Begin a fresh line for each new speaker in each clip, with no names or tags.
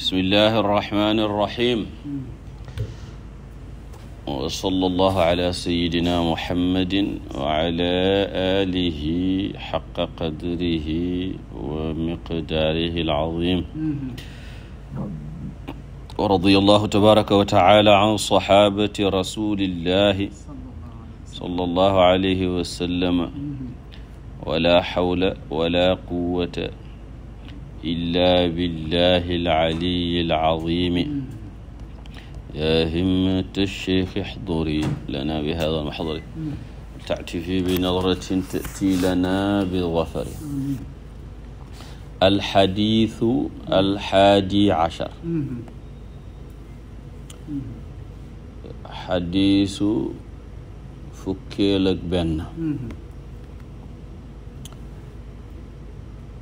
bismillahi arrahmani irrahim wasala allahu ala sayidina muhammadin waala alihi xaqa qadrihi wa miqdaarihi alazim wa radia allahu tabaraka wa taala an saxaabati rasulillahi sala allahu alayhi wa sallama wala xawla wala quwata illaa billahi alcaliyi alcazimi yaa himmata sheikh ixduri lana bi hada almaxdari tactifi bi nadratin tati lana bi zafari alxadiisu alxaadi cashar xadiisu fukkeel ak benn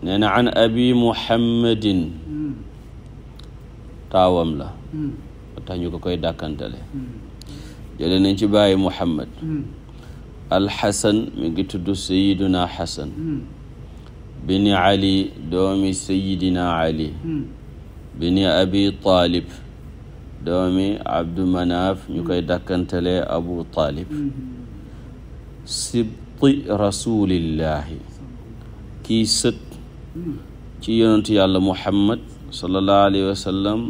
nee na an abi muhammadin taawam la
moo
tax ñu ko koy dàkkantale jële ci bàyyi muhammad alxasan mi ngi tudd sayiduna xasan bini ali doomi sayidina ali bini abi taalib doomi abdu manaaf ñu koy dàkkantale abu taalib sibti rasulillahi kii ci yonentu yàlla muhammad sallallahu alayhi wa sallam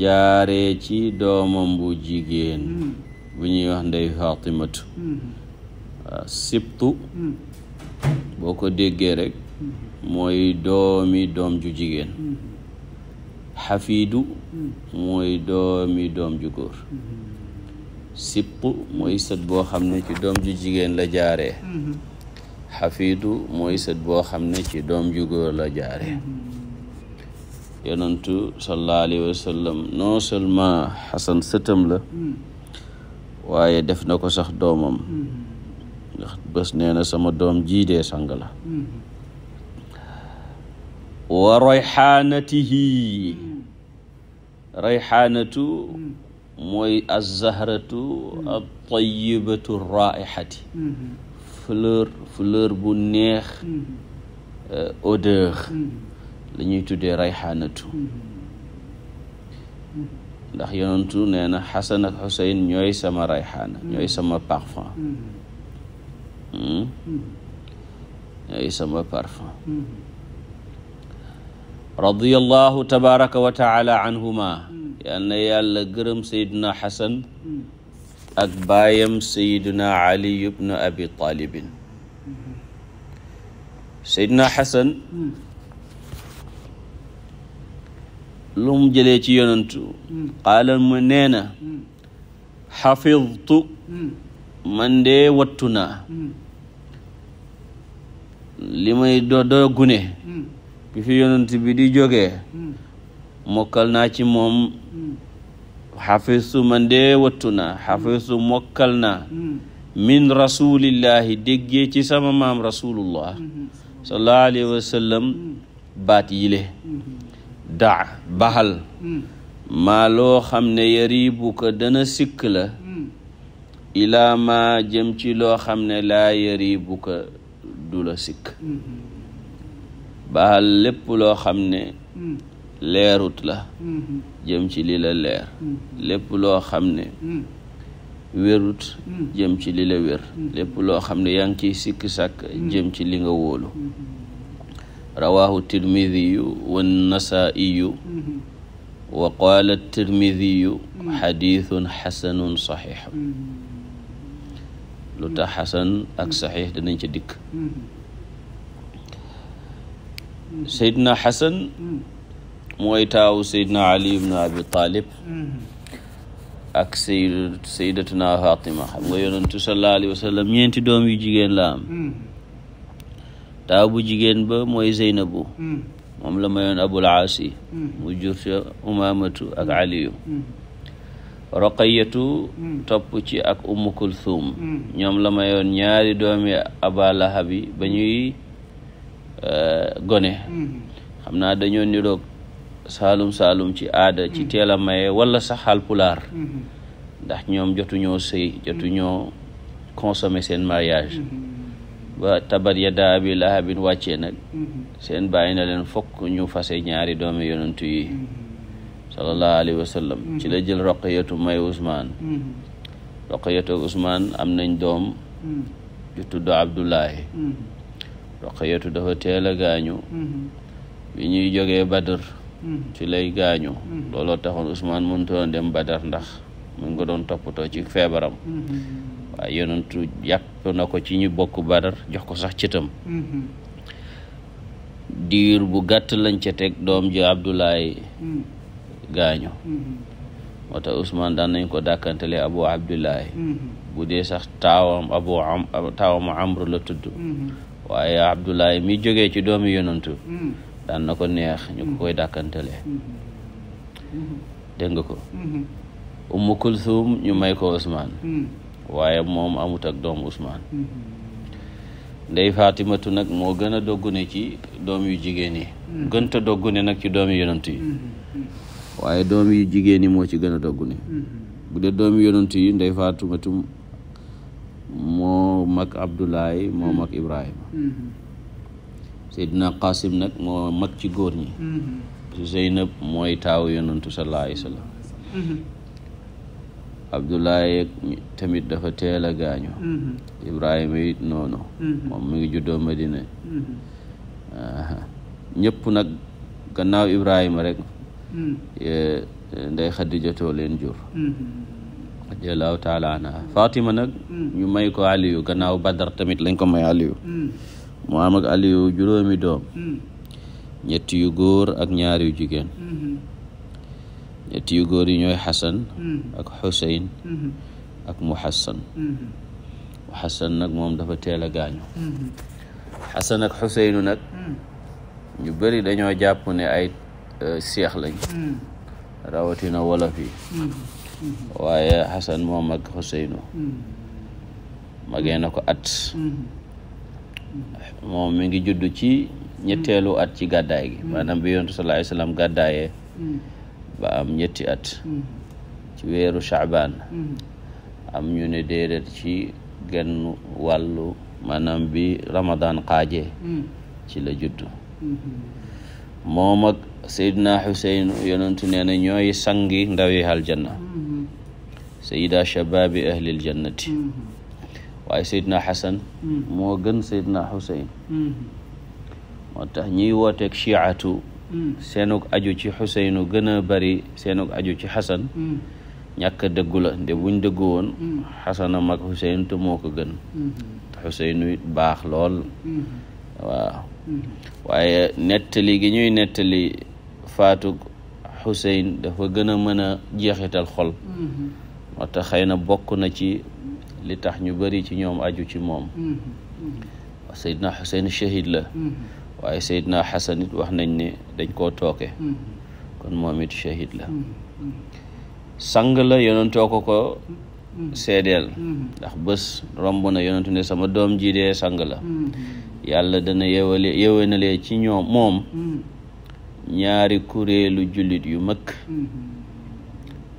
jaaree ci doomam bu jigéen bu ñuy wax ndey fatimatu
waaw
ah, sibtu boo ko déggee rekk mooy doomi doom ju jigéen xafiidu mooy doomi doom ju góor sibtu mooy sët boo xam ne ci doom ju jigéen la jaare xafiidu mooy sët boo xam ne ci doom ju góor la jaare yonentu sallallahu alayhi wa sallam non seulement xasan sëtam la waaye def na ko sax doomam ndax bés nee na sama doom jiidee sang la wa rayxaanatihi rayxaanatu mooy alzahratu altayibatu raixati fleur fleur bu neex mm-hmm. euh, odeur mm-hmm. lañuy ñuy tuddee rayxaanatu
mm-hmm.
ndax yonentu nee na xasan ak xuseyn ñooy sama rayxaana ñooy sama parfum hmm? ñooy sama parfum radiyallahu taala anhuma yal na yàlla gërëm sayidina xasan ak baayam sayiduna ali ibnu abi talibin sayiduna xasan lu mu ci yonantu qaala mu nee na xafidtu man dee wattu naa li may gune bi fi yonant bi di jógee mokkal naa ci moom xafistu man dee wattu naa xafistu mokkal naa mm-hmm. min rasulillahi déggee ci sama maam rasulullah mm-hmm. sallallahu alayhi wa mm-hmm. baat yile daa baxal ma loo xam ne yaribu dana sikk la ilaa maa jëm ci loo xam ne laa yaribu ko du la sikk baxal lépp loo xam ne leerut la jëm ci li la leer mm. lépp loo xam ne mm. wérut mm. jëm ci li la wér lépp loo xam ne yaa ngi ciy sikk sàkk jëm ci li nga wóolu mm-hmm. rawaahu tirmidiyu wa nasaiyu mm-hmm. wa qaala tirmidiyu xadiithun xasanun saxiix mm-hmm. lu tax xasan ak saxiix danañ ca dik seydna xasan mooy taaw saydna ali ibnu abi talib ak sayd saydatuna fatima xam nga doom yu jigéen la am mm. bu jigéen ba mooy zeynabu mm. moom la mayoon abul aasi mm. mu jurta umamatu ak aliyu roqayatu topp ci ak ummu kulthum ñoom la mayoon ñaari doomi aba lahabi ba ñuy euh, gone xam naa dañoo niroog saalum-saalum ci aada ci mm. teel a maye wala sax Haalpulaar mm-hmm. ndax ñoom jotuñoo sëy mm-hmm. jotuñoo consommer seen mariage mm-hmm. ba tabat yadaa abi lahabin wàccee nag seen bàyyi na leen fokk ñu fase ñaari doom yonentu yi sallallahu alayhi wa ci la jël roqiyatu may Ousmane roqiyatu Ousmane am nañ doom ju tudd Abdoulaye roqiyatu dafa teel gaañu bi ñuy jógee Badr Mm-hmm. ci lay gaañu mm-hmm. looloo taxoon Ousmane mënutoon dem Badar ndax mu ngi ko doon toppatoo ci feebaram mm-hmm. waaye yonentu ko ci ñu bokk Badar jox ko sax cëtam diir bu gàtt lañ ca teg doom ji Abdoulaye gaañu moo tax Ousmane daan nañ ko dàkkantale Abu Abdoulaye bu dee sax taawam abu am taawam Amr la tudd waaye mi joge ci doomi yonentu daan ko neex ñu ko koy dàkkantale dégg nga ko Umu Kulsum ñu may ko Ousmane waaye moom amut ak doom Ousmane ndey Fatimatu nag moo gën a doggu ci doom yu jigéen yi gënta doggu nag ci doom yu waaye doom yu jigéen yi moo ci gën a doggu ne bu dee doom yu yonent yi ndey moo mag Abdoulaye moo mag Ibrahima Seydina Qasim nag moo mag ci góor ñi
mm-hmm.
Zeynab mooy taawu yonantu sallallahu alayhi wa sallam mm-hmm. tamit dafa teel a gaañu
mm-hmm.
Ibrahima it noonu moom mu ngi juddoo Madina ñëpp nag gannaaw Ibrahima rek eh, eh, nday Xadijatoo leen jur radiallahu taala anha nag ñu may ko Aliyu gannaaw Badar tamit lañ ko may Aliyu mu ak Aliyu juróomi doom hmm. ñetti yu góor ak ñaari yu jigéen hmm. ñetti yu góor yu ñooy Xasan hmm. ak Xuseyn ak Muxassan Xasan nag moom dafa teel a gaañu Xasan ak Xuseynu nag ñu bari dañoo jàpp ne ay e, seex lañ rawatina wolof yi waaye Xasan moom ak Xuseynu magee na ko at moom mi ngi juddu ci ñetteelu at ci gàddaay gi mm. maanaam bi yontu sallallahu alayhi wasallam mm. ba am ñetti at mm. ci weeru Shaabaan am ñu ne déedéet ci genn wàllu maanaam bi Ramadan xaajee ci la judd mm-hmm. moom ak Seydina Xuseyn yonentu nee ñooy sangi ndawi aljanna mm-hmm. sayida shababi ahlil jannati mm-hmm. waaye Seydina Xasan hmm. moo gën Seydina Xuseyn hmm. moo tax ñiy wooteeg chiatu hmm. seenug aju ci Xuseynu gën a bari seenug aju ci Xasan ñàkk dëggu la nde buñ dëggu woon Xasan mag Xuseyn te moo ko gën te baax lool waaw waaye nettali gi ñuy nettali faatug Xuseyn dafa gën a mën a jeexital xol moo tax xëy na bokk na ci li tax ñu bari ci ñoom aju ci moom
mm-hmm.
Seydina Xuseyn shahid la
mm-hmm.
waaye Seydina Xasan it wax nañ ne dañ koo tooke mm-hmm. kon moom it shahid la sang la yonentoo ko ko seedeel ndax bés romb na yonentu ne sama doom ji dee sang la yàlla dana yewale ci ñoom moom ñaari kuréelu jullit yu mag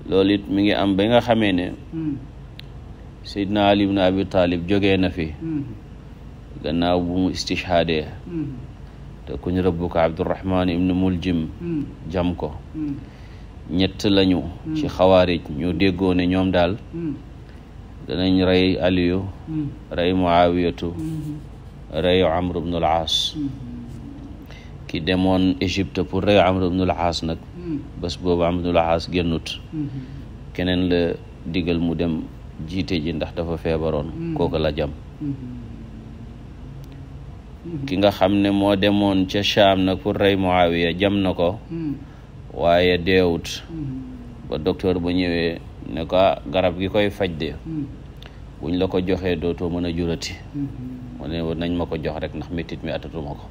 loolu it mi ngi am ba nga xamee ne Seydina Ali ibn Abi Talib na fi
mm-hmm.
gannaaw bu mu istishhaadee mm-hmm. te kuñ rëbb ko Abdurahman ibn Muljim mm-hmm. jam ko ñett lañu ci xawaarij ñu déggoo ñoom daal danañ rey Aliyu rey Muawiyatu rey Amr ibn aas ki demoon Égypte pour rey Amr ibn aas nag bés boobu Amr ibn aas génnut keneen la digal mu dem jiite ji ndax dafa feebaroon mm-hmm. kooku la jam
mm-hmm. ki nga
xam ne moo demoon ca Shaam nag pour rey Muawiya jam na ko mm-hmm. waaye deewut ba docteur ba ñëwee ne ko ah, garab gi koy faj de buñ la ko joxee dootoo mën a jurati mu ne nañ ma ko jox rek ndax métit mi atatuma ko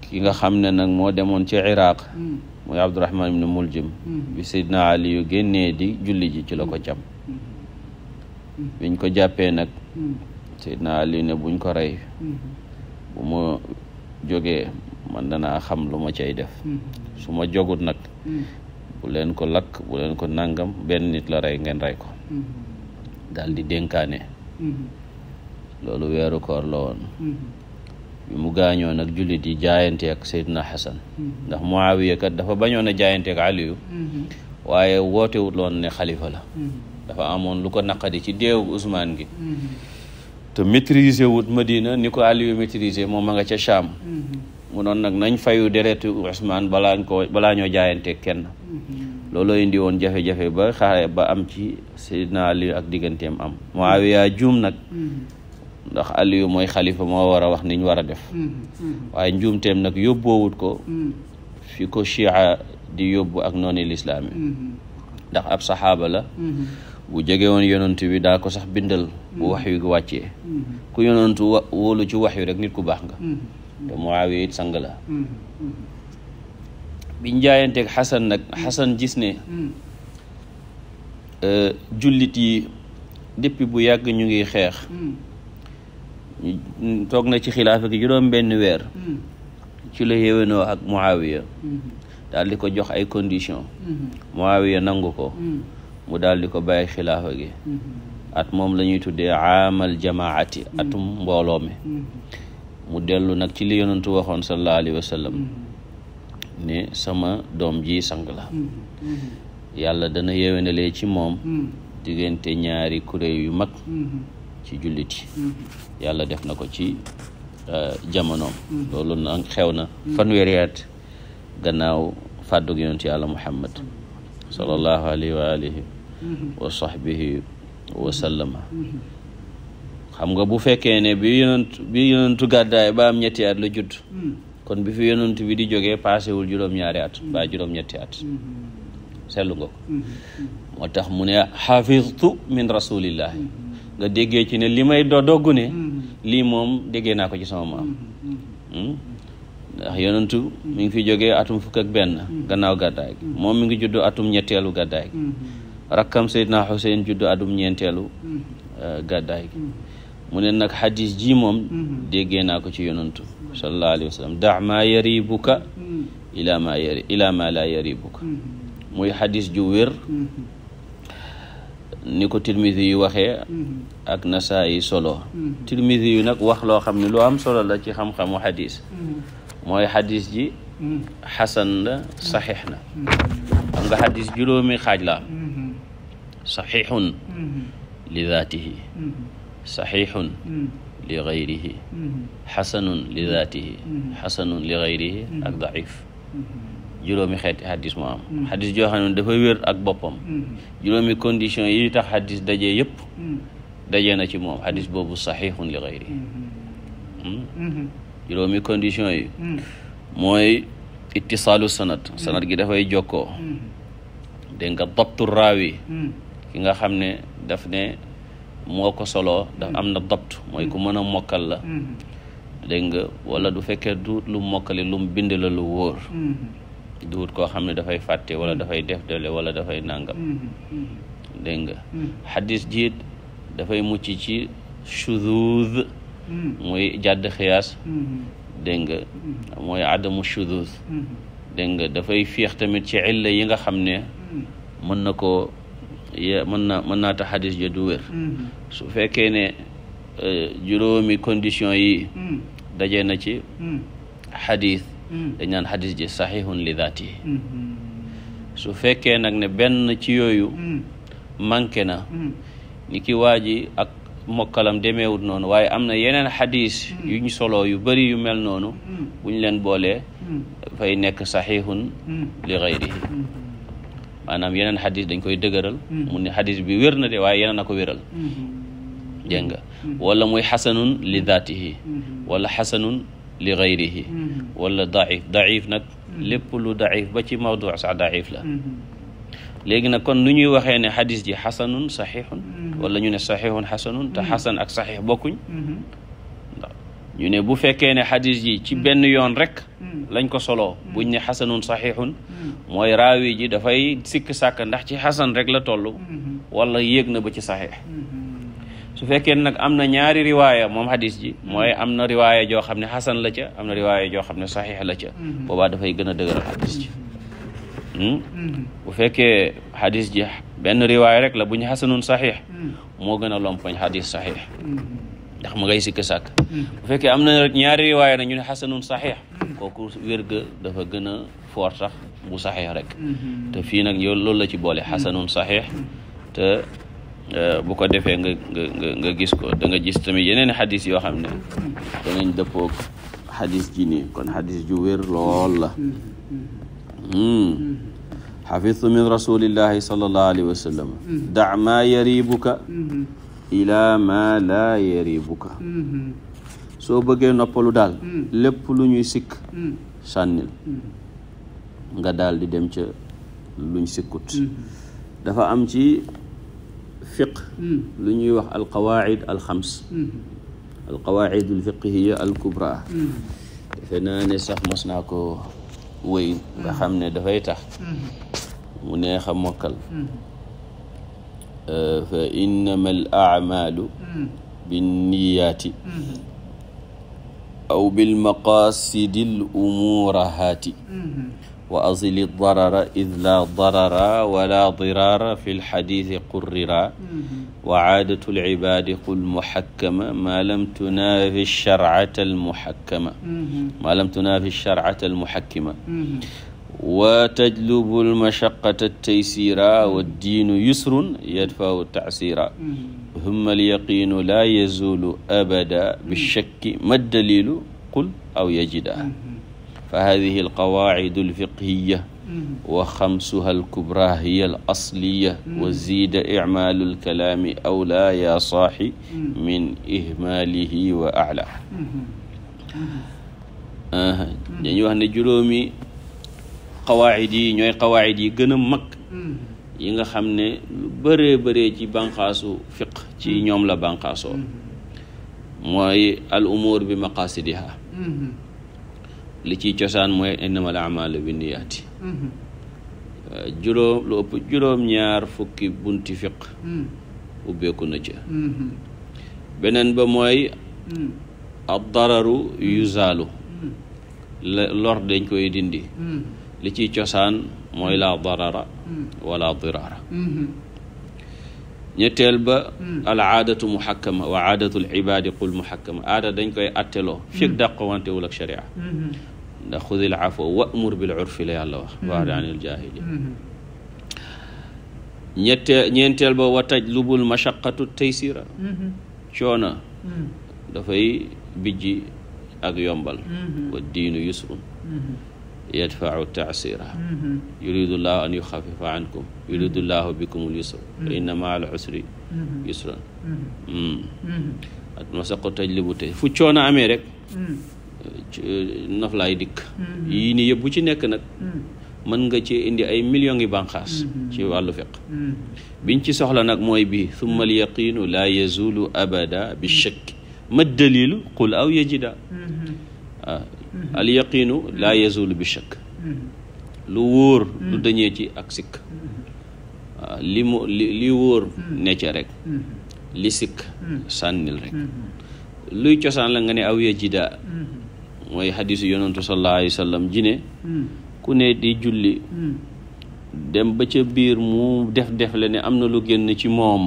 ki nga xam ne nag moo demoon ca Iraq mm. muy Abdurahman na Muljim mm. bi Seydina Ali yu génnee di julli ji ci la ko jam biñ ko jàppee nag hmm. Seydina Ali ne buñ ko rey hmm. bu ma jógee man danaa xam lu ma cay def hmm. su ma jogut nag bu leen ko lakk bu leen ko nangam benn nit la rey ngeen rey ko daal di dénkaane loolu weeru koor la woon mu gaañoo nag jullit yi jaayante ak na Xasan ndax Muawiya kat dafa bañoon a jaayante ak Aliyu waaye wootewut loon ne xalifa la dafa amoon lu ko naqadi ci deewu Ousmane gi mm-hmm. te maîtriser wut Madina ni ko Aliou maîtriser moom a nga ca Cham mm-hmm. mu noon nag nañ fayu deretu Ousmane balaañ ko balaa ñoo jaayante kenn mm-hmm. looloo indiwoon jafe-jafe ba xare ba am ci Seydina Aliou ak digganteem am Muawiya juum nag ndax Aliou mooy xalifa moo war a wax niñ war a def waaye njuumteem nag yóbboowut ko fi ko chia di yóbbu ak noonu lislaam yi ndax ab saxaaba la bu jege woon yonent bi daa ko sax bindal bu mm-hmm. wax yu wàccee mm-hmm. ku yonentu wóolu ci wax yu rek nit ku baax nga
mm-hmm.
te Muawiya it sang la biñ jaayanteeg Xasan nag Xasan gis ne euh, jullit yi depuis bu yàgg ñu ngi xeex toog na ci xilaafa gi juróom benn weer ci la yéwénoo ak Muawiya daal di ko jox ay condition Muawiya nangu ko mu daal di ko bàyyi xilaafa gi mm-hmm. at moom lañuy ñuy tuddee aamal jamaati atum mm-hmm. mbooloo mi mm-hmm. mu dellu nag ci li yonantu waxoon sallallahu alayhi wa ne sama doom ji sang la yàlla dana yéwénalee ci moom diggante ñaari kuréel yu mag ci jullit yi yàlla def na ko ci uh, jamonoom loolu xew na fanweeri at gannaaw fàddug yonent yàlla muhammad sallallahu alayhi wa wa sahbihi wa sallama xam nga bu fekkee ne bi yonent gàddaay ba am ñetti at la judd kon bi fi yonent bi di joge paasewul juróom-ñaari at ba juróom-ñetti at seetlu nga ko moo tax mu ne xafiztu min rasulillahi nga déggee ci ne li may do ne lii moom déggee naa ko ci sama maam ndax yonentu mi ngi fi jógee atum fukk ak benn gannaaw gàddaay gi moom mi ngi juddu atum ñetteelu gàddaay rakkam Seydina Xuseyn juddu atum ñeenteelu mm-hmm. uh, gàddaay gi mm-hmm. mu ne nag xadis ji moom mm-hmm. déggee naa ko ci yonantu sallallahu alayhi wa sallam da maa yaribuka ilaa maa yari ilaa muy xadis ju wér ni ko tirmidi yu waxee ak nasaa yi solo tirmidi yu nag wax loo xam ne lu am solo la ci xam-xamu xadis mooy xadis ji xasan la saxiix na xam nga xadis juróomi xaaj la saxiixun li daatihi saxiixun li gayrihi xasanun li daatihi xasanun li gayrihi ak daif juróomi xeeti xadis moo am xadis joo xam ne dafa wér ak boppam juróomi condition yi tax xadis dajee yëpp dajee na ci moom xadis boobu saxiixun li gayrihi juróomi condition yi mooy ittisaalu sanad sanad gi dafay jokkoo dégg nga dabtu raawi ki nga xam ne daf ne moo ko solo daf am na dabt mooy ku mën a mokkal la mm-hmm. dégg nga wala du fekkee duut lu mokkali lu mu bind la lu wóor
mm-hmm.
duut koo xam ne dafay fàtte wala mm-hmm. dafay def dale wala dafay nàngam dégg nga xadis jiit dafay mucc ci chuduud muy jàdd xiyaas dégg nga mooy adamu chuduud dégg nga dafay féex tamit ci illa yi nga xam ne mën na ko ya mën na mën naa tax du wér mm-hmm. su fekkee ne eh, juróomi condition yi mm-hmm. daje na ci mm-hmm. xadis dañ naan xadis ji saxiixun li daati su fekkee nag ne benn ci yooyu manqué na ni ki waa ji ak mokalam demeewut noonu waaye am na yeneen xadis yuñ solo yu bari yu mel noonu buñ leen boole fay nekk saxiixun li xayrihi maanaam yeneen xadis dañ koy dëgëral mm-hmm. mu ne xadis bi wér na de waaye yeneen a ko wéral
mm-hmm.
dégg nga mm-hmm. wala muy xasanun li daatihi wala xasanun li gayrihi wala daif daif nag lépp lu daif ba ci mawdu sax daif la léegi nag kon nu ñuy waxee ne xadis ji xasanun saxiixun wala ñu ne saxiixun xasanun te xasan ak saxiix bokkuñ ñu ne bu fekkee ne xadis ji ci hmm. benn yoon rek hmm. lañ ko soloo hmm. buñ ne xasanun saxiixun mooy raawi ji dafay sikk sàkk ndax ci xasan rek la toll wala yéeg na ba ci saxiix su fekkee nag am na ñaari riwaaya moom xadis ji mooy am na riwaaya joo xam ne xasan la ca am na riwaaya joo xam ne saxiix la ca boobaa dafay gën a dëgëral xadis bu fekkee xadis ji benn riwaaya rek la bu ñu xasanun saxiix moo gën a lompañ xadis saxiix ndax ma ngay sikk sàkk hmm. bu fekkee am na ñaari riwaaya na ñu ne xasanun saxiix hmm. kooku wér ga dafa gën a foor sax bu saxiix rek hmm. te fii nag yow loolu la ci boole xasanun saxiix te e, bu ko defee nga nga gis ko da nga gis tamit yeneen xadis yoo xam ne danañ dëppoog xadis ji nii kon xadis ju wér lool la xafidtu min rasulillahi sallallahu alayhi wa sallam da ma yaribuka ilaa ma laa yaribuka mm-hmm. soo bëggee noppalu daal mm. lépp lu ñuy sikk mm. sànnil mm. nga daal di dem ca luñ sikkut mm-hmm. dafa am ci fiq lu ñuy wax alqawaid alxams
mm-hmm.
alqawaid alfiqhiya alkubra defe naa ne sax mos naa ko wéy nga xam ne dafay tax mu neex mokkal fa innama al aamalu binniyaati aw bilmaqasidi l umuurahaati wa asili darara id la darara wala dirara fi lxaditi qurrira wa caadatu lcibaadi qul muxakkama maa lam tunaafi sharcata almuxakkama maa lam tunaafi sharcata almuxakkima wa tajlubu lmashaqata taysira wa diinu yusrun yadfau tacsira humma alyaqinu laa yazulu abada bichakki ma dalilu qul aw yajida fa hadihi alqawaacidu alfiqhiya wa xamsuha alkubra hiya alasliya wa ziida icmaalu alkalaami awlaa yaa saaxi min ihmaalihi wa aclaa dañuy wax ne juróomi xawaayid yi ñooy xawaayid yi gën a mag hmm. yi nga xam ne lu bëree bëree ci banqaasu fiq ci hmm. ñoom la banqaasoo hmm. mooy al umur bi maqasidiha li ciy cosaan mooy innamal amalu binniyaati
euh,
juróom lu ëpp juróom-ñaar fukki bunti fiq ubbeeku na ca beneen ba mooy ad dararu yuzaalu lor dañ koy dindi li ciy cosaan mooy laa darara hmm. wala dirara ñetteel ba hmm. al aadatu muhakkama wa aadatu al ibaadi qul muhakkama aada dañ koy atteloo hmm. fekk dàqowantewul ak sharia ndax xudil afwa wa'mur bil urfi la yàlla wax wa'rid anil jaahiliin ñette ñeenteel ba wa tajlubul mashaqatu taysira coona dafay bijji ak yombal wa diinu yusrun yadfau taasira yuridullahu an yuxafifa ankum yuridullahu bikum lyusra fa inna maa al usri yusran at ma saqo taj li bu tey fu coono amee rek nof laay dikk yii nii yëpp bu ci nekk nag mën nga ci indi ay millions yi bànqaas ci wàllu fiq biñ ci soxla nag mooy bi thumma al yaqiinu laa yazulu abada bi shakk ma dalilu qul aw yajida waaw Mhm. al yaqiinu laa yazulu bi shakk mhm. lu wóor du mhm. dañee ci ak sikk ah, li mu li wóor ne ca li sikk sànnil rek luy cosaan la nga ne aw ya jidaa mooy xadiisu yonantu sallallahu alayhi ku ne di julli dem ba ca biir mu def def ne am na lu génn ci moom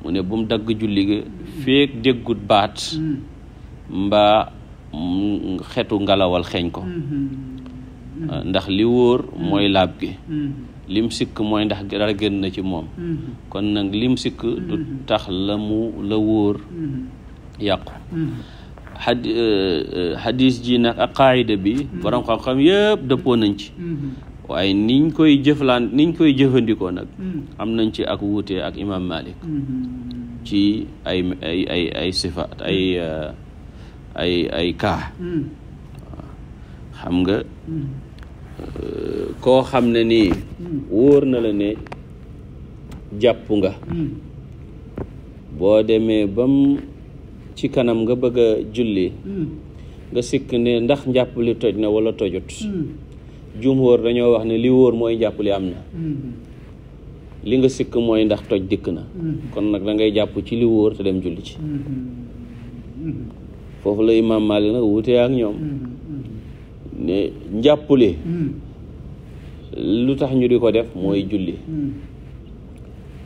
mu ne bu mu dagg julli ga feek déggut baat mbaa xetu ngelawal xeeñ ko
mm-hmm. euh,
ndax li wóor mm-hmm. mooy laab gi mm-hmm. lim sikk mooy ndax dara génn na ci moom kon nag lim sikk du tax la mu la wóor yàqu xad euh, euh, xadis ji nag ak qaayida bi borom xam-xam yëpp dëppoo nañ ci waaye niñ koy jëflaan niñ koy jëfandikoo nag am nañ ci ak wuute ak imam malik ci ay sifaat ay ay ay cas hmm. xam nga hmm. euh, koo xam ne nii hmm. wóor na la ne jàpp nga boo demee bam ci kanam nga bëgg julli nga sikk ne ndax njàpp li toj na walla tojut jumhóor dañoo wax ne li wóor mooy njàpp li am na li nga sikk mooy ndax toj dikk na kon nag dangay jàpp ci li wóor te dem julli ci foofu la imaam Maalik wute ak ñoom
mm, mm.
ne njàppule mm. lu tax ñu di ko def mooy julli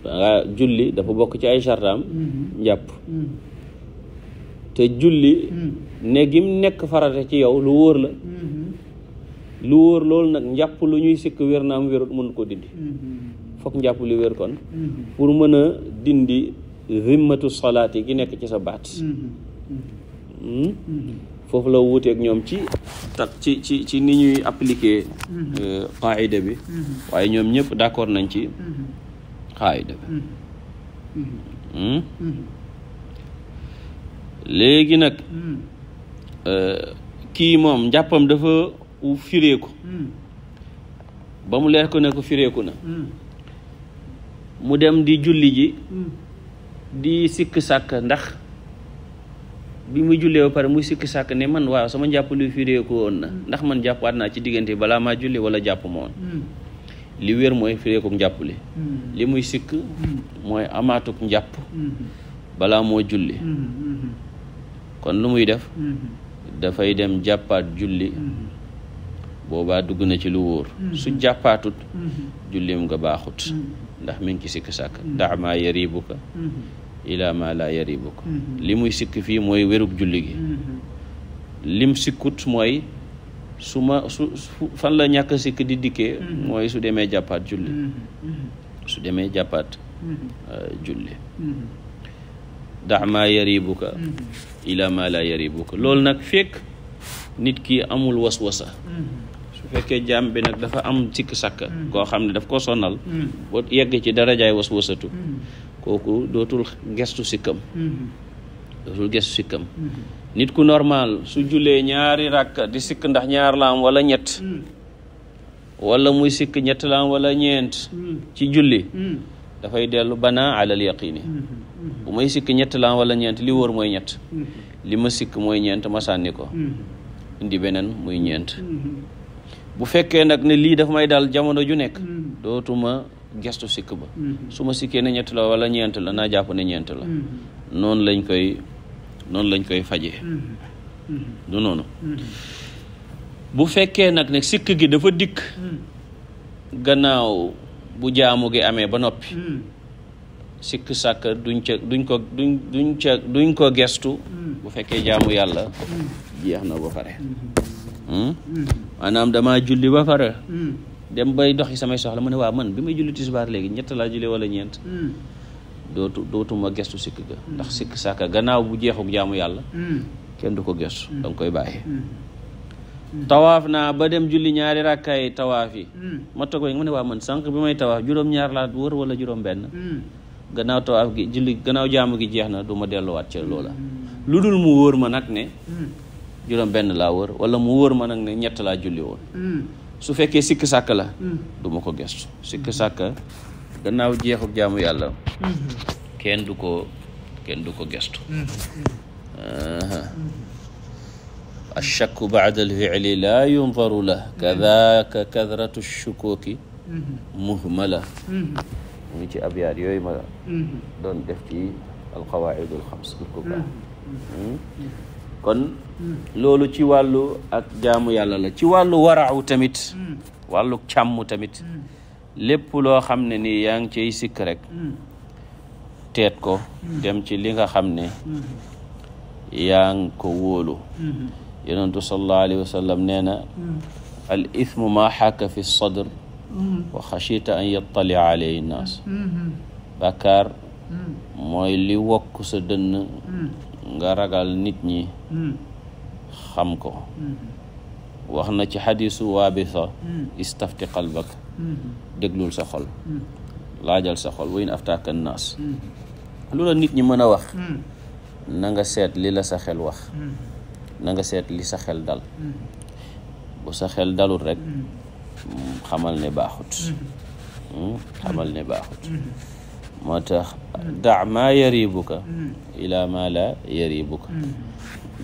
danga julli dafa bokk ci ay sartaam njàpp te julli ne gim nekk farata ci yow lu wóor la
-hmm.
lu wóor loolu nag njàpp lu ñuy sikk wér naam wérut mën ko dindi
-hmm.
fokk njàpp li wér kon -hmm. pour mën a dindi zimmatu salaat yi gi nekk ci sa baat
Hmm?
foofu la wuuteeg ñoom ci tax ci ci ci ni ñuy appliquer hmm. euh, qaayida bi hmm. waaye ñoom ñëpp d'accord nañ ci qaayida bi léegi nag euh, kii moom njàppam dafa fireeku ba mu leer ko ne ko fireeku na mu dem di julli ji di sikk sàkk ndax bi muy jullee ba pare muy sikk sàkk ne man waaw sama njàpp luy firée ko woon na ndax man jàppaat naa ci diggante balaa maa julli wala jàpp moon hmm. li mooy firée ko njàpp hmm. muy sikk hmm. mooy amaatuk njàpp balaa moo julli kon lu muy def dafay dem jàppaat julli boobaa dugg na ci lu wóor su jàppaatut jullim nga baaxut ndax mi ngi ci sikki sàkk daamaa yaribuka ila ma la yaribuk mm-hmm. li muy sikk fii mooy wérug julli gi mm-hmm. lim sikkut mooy su ma su fan la ñàkk sikk di dikkee mm-hmm. mooy su demee jàppaat julli su demee jàppaat euh, julli dax ma yaribuka ila ma la loolu nag fekk nit ki amul waswasa su fekkee jaam bi nag dafa am sikk sàkk koo xam ne daf ko sonal ba yegg ci darajaay waswasatu kooku dootul gestu sikkam mhm. dootul mhm. nit ku normal su julee ñaari rakk di sikk ndax ñaar lam wala ñett mhm. wala muy sikk ñett laam wala ñeent ci julli dafay dellu bana alal yaqini bu may sikk ñett laam wala ñeent li wóor mooy ñett li sikk mooy ñeent ma ko indi beneen muy ñeent bu fekkee nag ne lii daf may dal jamono ju nekk dootuma gestu sikk ba mm-hmm. su ma sikkee ne ñett la wala ñeent la naa jàpp ne ñeent la
mm-hmm.
noonu lañ koy noonu lañ koy faje
mm-hmm.
du noonu bu fekkee nag ne sikk gi dafa dikk gannaaw bu jaamu gi amee ba noppi sikk sàkk duñ ca duñ ko duñ duñ ca duñ ko gestu bu fekkee jaamu yàlla jeex na ba pare hmm? maanaam dama julli ba pare dem bay dox yi samay soxla mu ne waa man bi may julli tisbaar léegi ñett laa julli wala ñeent hmm. dootu dootuma gestu sikk ga hmm. ndax sikk sàkka gannaaw bu jeexuk jaamu yàlla hmm. kenn du ko gestu da koy bàyyi tawaaf naa ba dem julli ñaari rakkaay tawaaf yi ma toog mu ne waa man sànq bi may tawaaf juróom-ñaar laa wër wala juróom benn gannaaw tawaaf gi julli gannaaw jaamu gi jeex na du ma delluwaat ca loola lu dul mu wóor ma nag ne juróom benn laa wër wala mu wóor ma nag ne ñett laa julli su fekkee sikk sàkk la hmm. du ma ko gestu sikk sàkk gannaaw jeexu jaamu yàlla hmm. kenn du ko kenn du ko gestu hmm. achakku baada alficli laa yundaru la kadaka kadratu shukuki muhmala
mu
ngi ci abyaat yooyu ma doon def ci alqawaidu alxams kon loolu ci wàllu ak jaamu yàlla la ci wàllu waraaw tamit wàllu càmm tamit lépp loo xam ne nii yaa ngi ciy sikk rek teet ko dem ci li nga xam ne yaa ngi ko wóolu yonentu sallallahu alayhi wa sallam nee na al ithmu maa xaaka fi sadr wa xachita an yattalia alayhi nnaas bàkkaar mooy li wokk sa dënn nga ragal nit ñi Hmm. xam ko
hmm.
wax na ci xadisu waabisa hmm. istafti qalbak déglul sa xol laajal sa xol wayn aftaaka naas lu la nit ñi mën a wax na nga seet li la sa xel wax na nga seet li sa xel dal bu sa xel dalul rek xamal ne baaxut ne baaxut moo tax daa maa yaribuka ila maa la yaribuka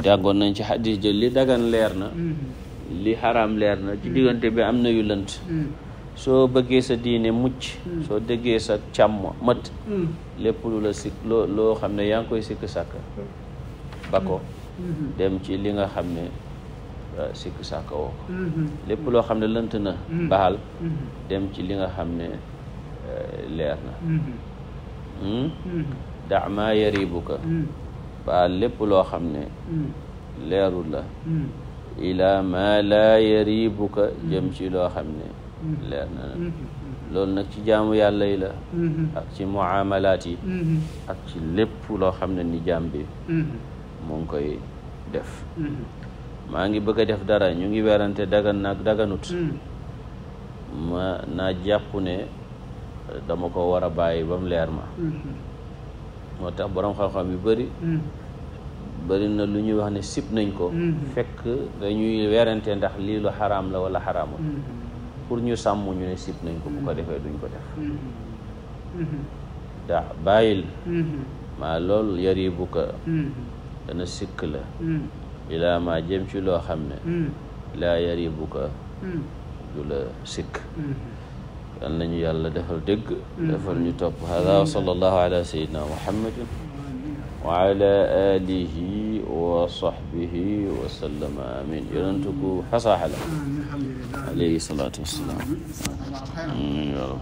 jàngoon nañ ci xadis jël li dagan leer na
mm-hmm.
li xaraam leer na ci diggante bi am na yu lënt mm-hmm. soo bëggee sa diine mucc mm-hmm. soo déggee sa càmm mët lépp lu la sikk loo xam ne yaa ngi koy sikk sàkk dem ci li nga xam ne euh, sikk sàkk woo ko lépp loo xam ne lënt na baxal dem ci li nga xam ne euh, leer na da ma yaribuka ba lépp loo xam ne hmm. leerul la hmm. ila ma laa yaribuka hmm. jëm ci loo xam ne leer na la loolu nag ci jaamu yàlla yi la ak ci muamalaat yi ak ci lépp loo xam ne ni jaam bi mu ngi koy def maa ngi bëgg a def dara ñu ngi weerante dagan nag daganut ma naa jàpp ne dama ko war a bàyyi ba leer ma moo tax borom xam-xam yu bari hmm. bëri na lu ñuy wax ne sib nañ ko hmm. fekk dañuy werante ndax lii lu xaraam la wala xaraamul hmm. pour ñu sàmm ñu ne sib nañ ko bu ko defee duñ ko def ndax bàyyil maa loolu yaribu ka dana sikk la ilaa maa jëm ci loo xam ne laa yaribu ka du la sikk yal nañu yàlla defal dégg mm-hmm. defal ñu topp hada wa sallallahu ala sayyidina muhammadin wa ala alihi wa sahbihi wa sallama amin yonentu ku xasaaxala alayhi salaatu wassalaam